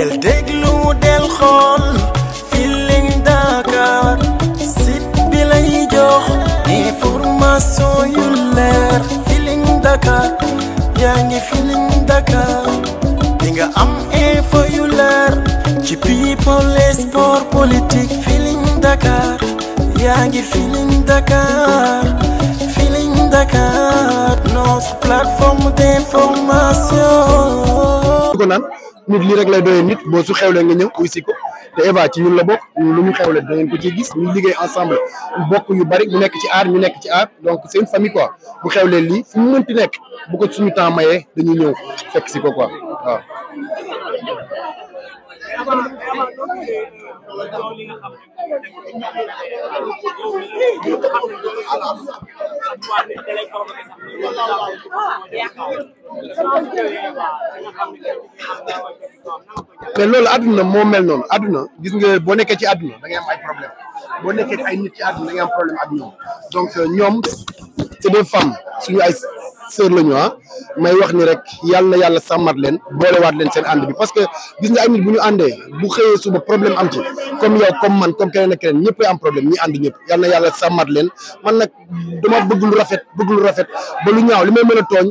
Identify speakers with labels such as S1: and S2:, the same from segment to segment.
S1: del déglu del xool Feeling Dakar site bi lay jox yu leer Feeling Dakar yaa ngi Feeling Dakar yu leer ci people sport politique Feeling Dakar yaa ngi Dakar Feeling
S2: Dakar notre plateforme d'information. nit lii rek lay doyee nit boo su xewlee nga ñëw aussi ko te Eva ci ñun la bokk lu ñu xewle da ngeen ko ci gis ñu liggéey ensemble bokk ñu bari mu nekk ci aar ñu nekk ci aar donc c'est une famille quoi bu xewlee lii su mu mënti nekk bu ko suñu temps mayee dañuy ñëw fekk si ko quoi
S1: mais
S2: loolu àdduna moo mel noonu àdduna gis nga boo nekkee ci àdduna da problème boo nekkee ay nit ci àdduna da nga am problème ak ñoom donc euh, ñoom c'est des femmes suñu ay sœur la ñu ah may wax ni rek yàlla yàlla sàmmat leen boolewaat leen seen ànd bi que gis nga ay ñu àndee bu xëyee suba problème am ci comme yow man comme ak keneen ñëpp am ñi ànd ñëpp yàlla na yàlla sàmmat leen man nag dama bëgg lu rafet rafet ba lu ñaaw li may mën a tooñ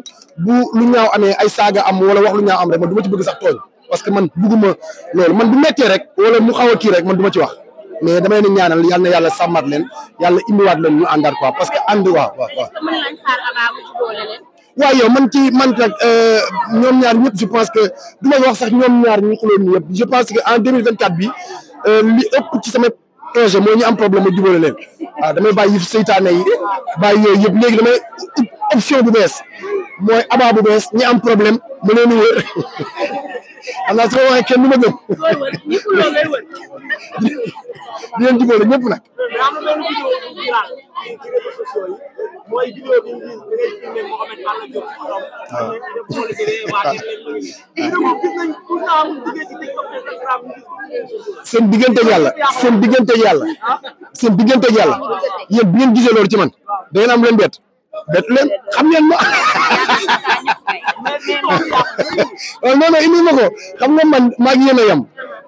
S2: bu lu ñaaw amee ay saaga am wala wax lu ñaaw am rek man du ma ci bëgg sax tooñ parce que man bëgguma loolu man bu méttee rek wala mu xaw a kii rek man duma ci wax mais damay ne ñaanal yal na yàlla sàmmat leen yàlla indiwaat leen ñu àndaat quoi parce que ànd waaw waaw yow man ci man rek euh, ñoom ñaar ñëpp je pense que du ma wax sax ñoom ñaar ñu xuloon ñëpp je pense que en 2024 bi euh, li ëpp ci sama projet moo ñu am problème ma jubale leen waaw damay bàyyi yëf seytaane yi bàyyi yooyu yëpp léegi damay option bu bees mooy abaa bu bees ñu am problème ma leen di wër xam naa waxee kenn du ma gëm
S1: di leen digal ñëpp nag. mais am na benn vidéo bu viral ci réseaux sociaux yi mooy vidéo bi ñu gis da ngay filmé Mouhamed Balla Diop ci xolam. waaw seen diggante yàlla seen diggante yàlla
S2: seen diggante yàlla yéen bi ngeen gisee loolu ci man da ngeen am leen bett bett leen xam ngeen ma non non indi ma ko xam nga man maa ngi yéen a yem.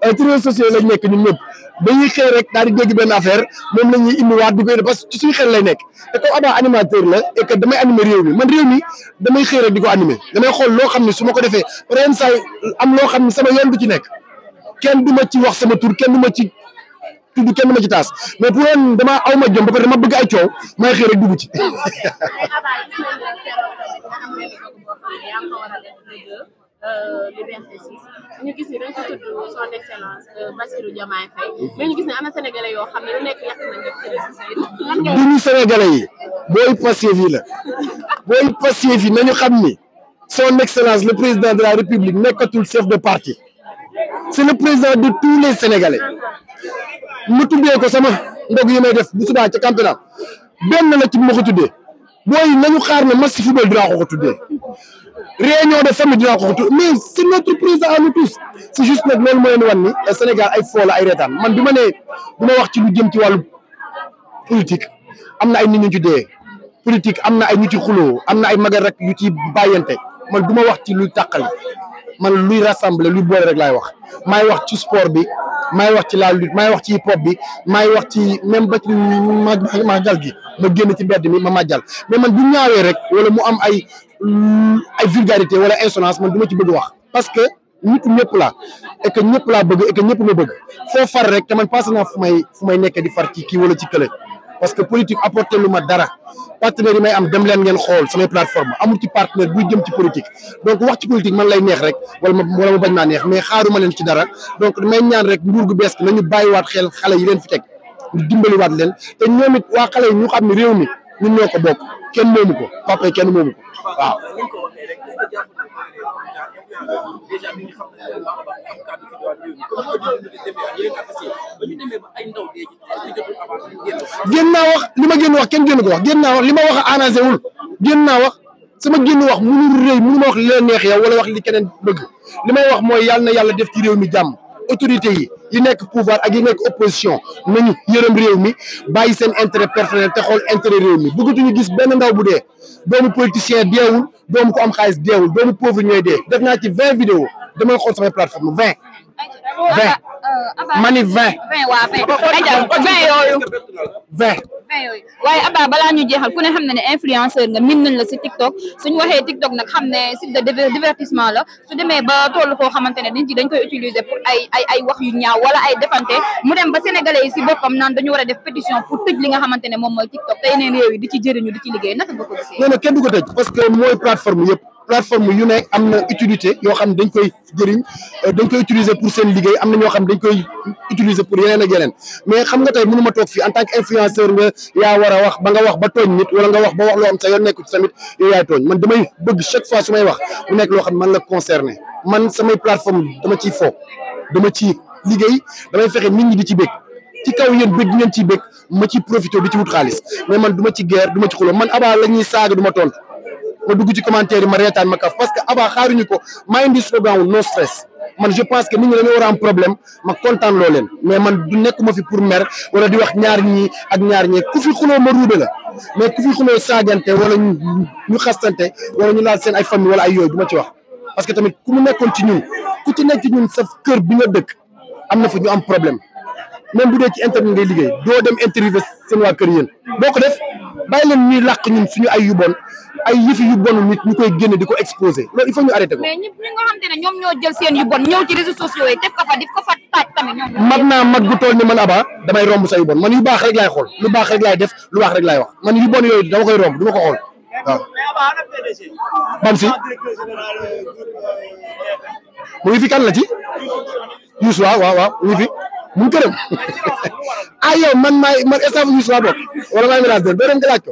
S2: ci euh, réseaux sociaux lañ nekk ñun ñëpp dañuy xëy rek daal di benn affaire moom la ñuy indiwaat di koy def parce que ci xel lay nekk te comme Abba animateur la et que damay animer réew mi man réew mi damay xëy rek di ko animer damay xool loo xam ne suma ko defee ren saa am loo xam ne sama yoon du ci nekk kenn du ma ci wax sama tur kenn du ma ci tudd kenn ma ci taas mais pour ren damaa aw ma jom ba pare dama bëgg ay coow may xëy rek dugg ci.
S1: Euh, Liberté
S3: 6 ñu gis ni dañ ko tudd son excellence euh, Bassirou Diomaye Faye ñu xam ne na nga tëdd
S2: yi booy Pastef yi la booy Pastef nañu xam ni son excellence le président de la république nekkatul chef de parti c'est le président de tous les sénégalais mu tuddee ko sama ndog yi may def bu subaa ca campénal benn la ci bu ma ko tuddee booy nañu xaar ne match football dinaa ko ko tuddee réunion de famille dinaa ko xutu mais c'est notre président à nous tous c'est juste nag loolu mooy leen wan ni eh, Sénégal ay foo ay reetaan man bi ma nee du ma wax ci lu jëm ci wàllu politique am na ay nit ñu ci dee politique am na ay ñu ci xuloo am ay magal rek yu ci bàyyante man du ma wax ci luy tàqali man luy rassembler luy boole rek laay wax maay wax ci sport bi maay wax ci la lutte maay wax ci hip hop bi maay wax ci même ba ci ma ma gi ma génn ci mbedd mi ma màggal mais man bu ñaawee rek wala mu am ay ay vulgarité wala insolence man du ma ci bëgg wax parce que nit ñëpp la et que laa bëgg ñëpp ma bëgg foo far rek te man passé fu may fu may nekk di far ci kii wala ci kële parce que politique apporté dara partenaire yi may am dem leen ngeen xool samay plateforme amul ci partenaire buy jëm ci politique donc wax ci politique man lay neex rek wala ma wala ma bañ maa neex mais xaaruma leen ci dara donc may ñaan rek nguur gu bees gi nañu bàyyiwaat xel xale yi leen fi teg ñu dimbaliwaat leen te ñoom it waa xale xam ne réew mi ñun ñoo kenn moomu ko Pape kenn moomu ko waaw. génn naa wax li ma génn wax kenn génn ko wax génn naa wax li ma wax a wul génn na wax sama génn wax mënul rëy mënu ma wax li la neex yow wala wax li keneen bëgg li may wax mooy yàlla na yàlla def ci réew mi jàmm autorité yi. yi nekk pouvoir ak yi nekk opposition nañu yërëm réew mi bàyyi seen intérêt personnel te xool intérêt réew mi bëggatuñu gis benn ndaw bu dee doomu politicien deewul doomu ko am xaalis deewul doomu pauvre ñooy dee def naa ci vingt vidéo damay xool samay plateforme vingt
S1: vingt mani vingt. vingt waa vingt
S3: waaye Abba balaa ñu jeexal ku ne xam ne influenceur nga min nañ la si TikTok suñu waxee TikTok nag xam ne site de divertissement la su demee ba toll foo xamante ne nit ñi dañ koy utiliser pour ay wax yu ñaaw wala ay defante mu dem ba sénégalais yi si boppam naan dañu war def pétition pour tëj li nga xamante ne moom mooy TikTok te yeneen réew yi di ci jëriñu di ci liggéey naka nga ko gisee.
S2: non kenn du ko parce que mooy plateforme plateforme yu ne am na utilité yoo xam ne dañ koy jëriñ euh, dañ koy utiliser pour seen liggéey am na ñoo xam dañ koy utiliser pour yeneen ak yeneen xam nga tey mënu ma toog fii en yaa war a wax ba nga wax ba tooñ nit wala nga wax ba wax loo xam sa yoon nekku ci tamit yow yaay tooñ man damay bëgg chaque fois su may wax mu nekk loo xam man la concerné man samay plateforme dama ciy fo dama ci liggéey damay fexe nit ñi di ci bëgg ci kaw yéen bëgg ngeen ciy bëgg ma ci profité di ci wut xaalis mais man du ma ci guerre ma ci xuloo man abaa la ñuy saaga du ma tontu ma dugg ci commentaire yi ma reetaan ma kaf parce que Aba xaaruñu ko mind is slogan no stress man je pense que nit ñi dañoo war am problème ma kontaan loo leen mais man du nekkuma fi pour mer wala di wax ñaar ñi ak ñaar ñee ku fi xuloo ma ruube la mais ku fi xuloo saagante wala ñu ñu xastante wala ñu laal seen ay famille wala ay yooyu du ma ci wax parce que tamit ku mu nekkoon ci ñun ku ci nekk ci ñun sa kër bi nga dëkk am na fa ñu am problème même bu dee ci internet ngay liggéey doo dem interview seen waa kër yéen boo ko def bàyyi leen ñuy làq ñun suñu ay yu bon ay yëfi yu bon nit ñu koy génne di ko exposé loolu il faut ñu arrêté ko. mais
S3: ñi nga xamante ne ñoom seen yu bon ñëw ci réseaux sociaux yi def ko fa def ko fa taaj tamit. mag naa mag bu
S2: tool ni man Aba damay romb sa yu bon man yu baax rek laay xool lu baax rek laay def lu baax rek laay wax man yu bon yooyu dama koy romb du ma ko xool
S1: waaw. si.
S2: mu ngi kan la ci. Youssou waaw waaw waaw mu ngi fi mu ngi këram ah yow man maay man staff Youssou laa bokk wala maay ménage doo dem nga laaj ko.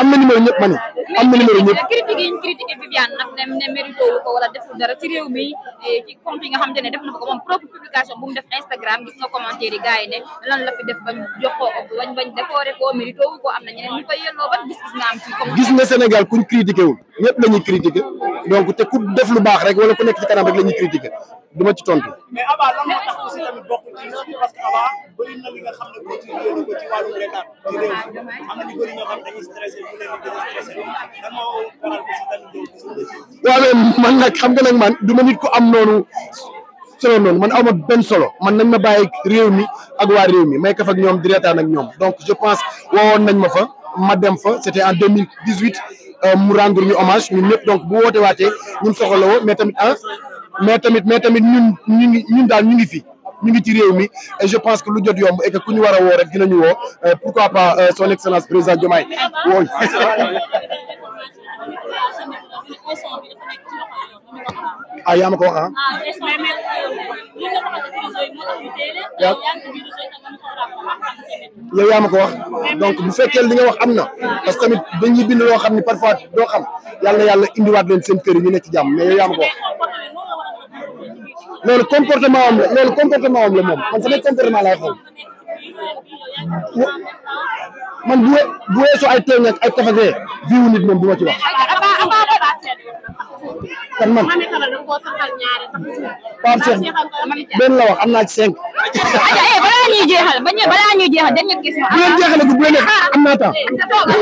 S1: am na numéro ñëpp ma ne am na numéro ñëpp
S2: critique yi
S3: ñu critiqué Viviane nag ne ne mérito wu ko wala deful dara ci réew mi e ci compte yi nga xamante ne def na ko moom propre publication bu mu def Instagram gis nga commentaire yi gars yi ne lan la fi def bañ jox ko bañ bañ décoré ko mérito wu am na ñeneen ñu koy gis-gis nga am ci gis
S2: nga Sénégal kuñ critiqué wul ñëpp la ñuy donc te ku def lu baax rek wala ku nekk ci kanam rek la ñuy critiquer du ma ci tontu. mais man nag xam nga nag man du ma nit ku am noonu solo noonu man awma benn solo man nañ ma bàyyi réew mi ak waa réew mi may kaf ak ñoom di reetaan ak ñoom donc je pense woowoon nañ ma fa ma dem fa c'était en deux mille dix-huit Euh, mu rendre ñu hommage ñun ñëpp donc bu woote waatee ñun soxla la woo mais tamit ah mais tamit mais tamit ñun ñu ngi ñun daal ñu ngi fi ñu ngi ci réew mi et je pense que lu jot yomb et que ku ñu war a woo rek dinañu woo euh, pourquoi pas euh, son excellence président Diomaye wooñ ah yaa ma ko wax ah. yow yaa ko wax donc bu fekkee li nga wax am na parce que tamit dañuy bind loo xam ne parfois doo xam yàlla na yàlla indiwaat leen seen kër yi ñu nekk ci jàmm mais yow ko wax.
S1: loolu comportement am la loolu comportement am la moom man sama comportement laay xool.
S2: man bu bu weesoo ay tooñ ak ay kafage viwu nit moom du ma ci wax.
S1: kan man Pape Cheikh benn
S2: la wax am naa ci cinq.
S1: Eh,
S3: balaa ñuy jeexal ba ñu balaa ñuy jeexal dañu question. bu leen jeexalee bu leen ah, am naa taa. Ah,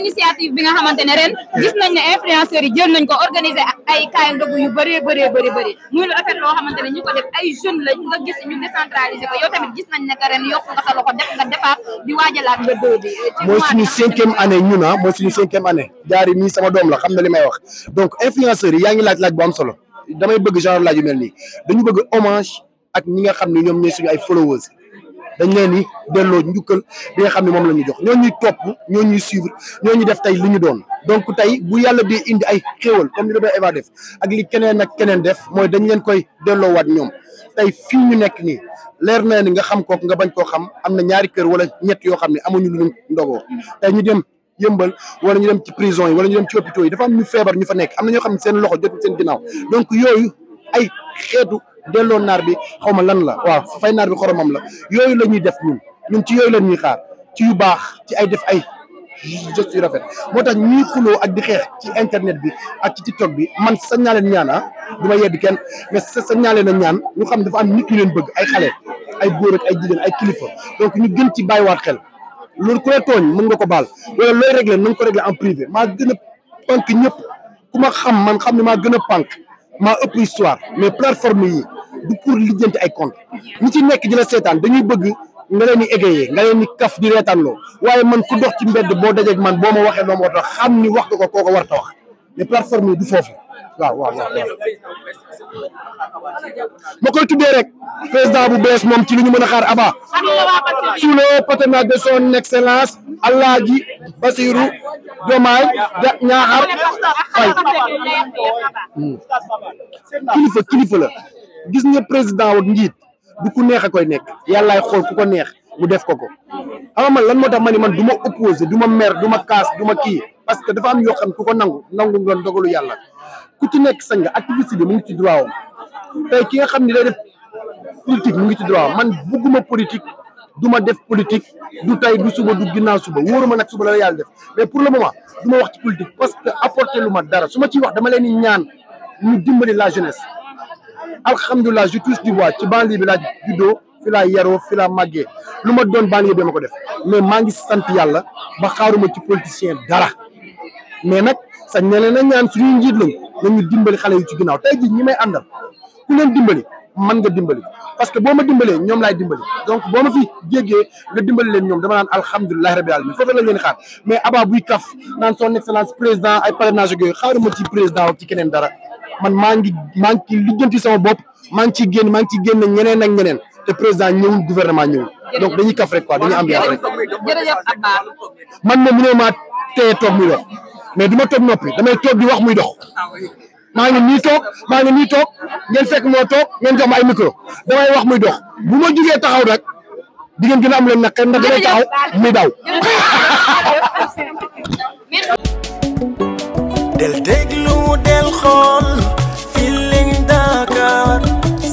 S3: initiative ah, nañ ne influenceurs jël nañ ko organiser ay kaay ndogu yu bëree bëree bëri bëri muy lu affaire loo xamante ne ñu ko ay jeunes lañ nga gis ñu décentraliser ko yow tamit gis nañ ne que ren yokk nga sa loxo def nga defaat di waajalaat nga dóor bi. mooy
S2: suñu cinquième année jaari mii sama doom la xam na li wax donc influenceurs yi yaa ngi laaj laaj bu am solo. damay bëgg genre laaj yu mel nii dañu bëgg hommage ak ñi nga xam ne ñoom ñooy suñu ay followers dañ leen di delloo njukkal bi nga xam ne moom la ñu jox ñoo ñu topp ñoo ñuy suivre ñoo ñuy def tey lu ñu doon donc tey bu yàlla di indi ay xéewal comme li Bébé Eva def ak li keneen ak keneen def mooy dañ leen koy delloowaat ñoom tey fii ñu nekk nii leer na ni nga xam kook nga bañ koo xam am na ñaari kër wala ñett yoo xam ne amuñu lu ñu ndogoo tey ñu dem yëmbal wala ñu dem ci prison yi wala ñu dem ci hôpitaux yi dafa am ñu feebar ñu fa nekk am na ñoo xam ne seen loxo jotul seen ginnaaw donc yooyu ay xeetu delloo naar bi xaw ma lan la waaw fay naar bi xoromam la yooyu la ñuy def ñun ñun ci yooyu la ñuy xaar ci yu baax ci ay def ay gestes yu rafet moo tax ñuy xuloo ak di xeex ci internet bi ak ci tiktok bi man sa ñaaleen ñaan ah du ma yedd kenn mais sa sa ñaaleen a ñaan ñu xam dafa am nit ñu leen bëgg ay xale ay góor ay jigéen ay kilifa donc ñu gën ci bàyyiwaat xel loolu ku la tooñ mën nga ko baal wala looy réglé na ko réglé en privé maa gëna a pànk ñëpp ku ma xam man xam ne maa gën a pànk maa ëpp histoire mais plateforme yi du pour lijjanti ay compte ñi ci nekk di seetaan dañuy bëgg nga leen di égayer nga leen di kaf di reetaanloo waaye man ku dox ci mbedd boo dajee man boo ma waxee loo ma war xam ni wax ko ko ko war a wax mais plateforme yi du foofu. waaw waaw ma koy tuddee rek président bu bees moom ci li ñu mën a xaar Aba sous le patronage de son excellence Alaaji Basiru Jomaay ja Ñaaxar Fay hmm. kilifa kilifa la gis nga président wak njiit du ku neex koy nekk yàllaay xool ku ko neex mu def ko ko xam man lan moo tax ma ni man du ma opposé ma mer du ma kaas du ma kii parce que dafa am yoo xam ku ko nangu nangu nga dogalu yàlla ku ci nekk sañ nga activiste bi mu ngi ci droit
S1: am tey ki nga xam ne day def politique mu ngi ci droit man
S2: bugguma politique du ma def politique du tey du suba du ginnaaw suba wóoruma nag suba la yàlla def mais pour le moment du ma wax ci politique parce que apporter lu ma dara suma ma ciy wax dama leen di ñaan ñu dimbali la jeunesse alhamdulilah je touche du bois ci banlieue bi laa juddoo fi laa yaroo fi laa màggee lu ma doon banlieue bi ma ko def mais maa ngi sant yàlla ba xaaruma ci politicien dara mais nag sañ ne leen nañu dimbali xale yu ci ginnaaw ñi may àndal ku leen dimbali man nga dimbali parce que boo ma dimbalee ñoom laay dimbali donc boo ma fi jéggee nga dimbali leen ñoom dama naan alhamdulilahi rabbil alamin foofu lañ leen xaar mais aba buy kaf naan son excellence président ay parrainage yooyu xaaruma ci président ci keneen dara man maa ngi maa ngi ci lijjanti sama bopp maa ngi ciy génn maa ngi ciy génn geneen ak geneen te président ñëwul gouvernement ñëwul donc dañuy kaf rek quoi dañuy ambiance rek man moom mu ne maa teye toog muy wax mais du ma toog noppi damay toog di wax muy dox maa ngi nii toog maa ngi nii toog ngeen fekk moo toog ngeen jox ma ay micro damay wax muy dox bu jigee jugee taxaw rek di ngeen gën am leen na ndax damay taxaw muy daw. del déglu del xool Feeling
S1: Dakar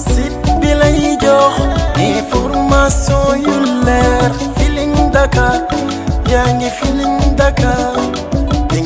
S1: site bi lay jox information yu leer Feeling Dakar yaa ngi Feeling Dakar.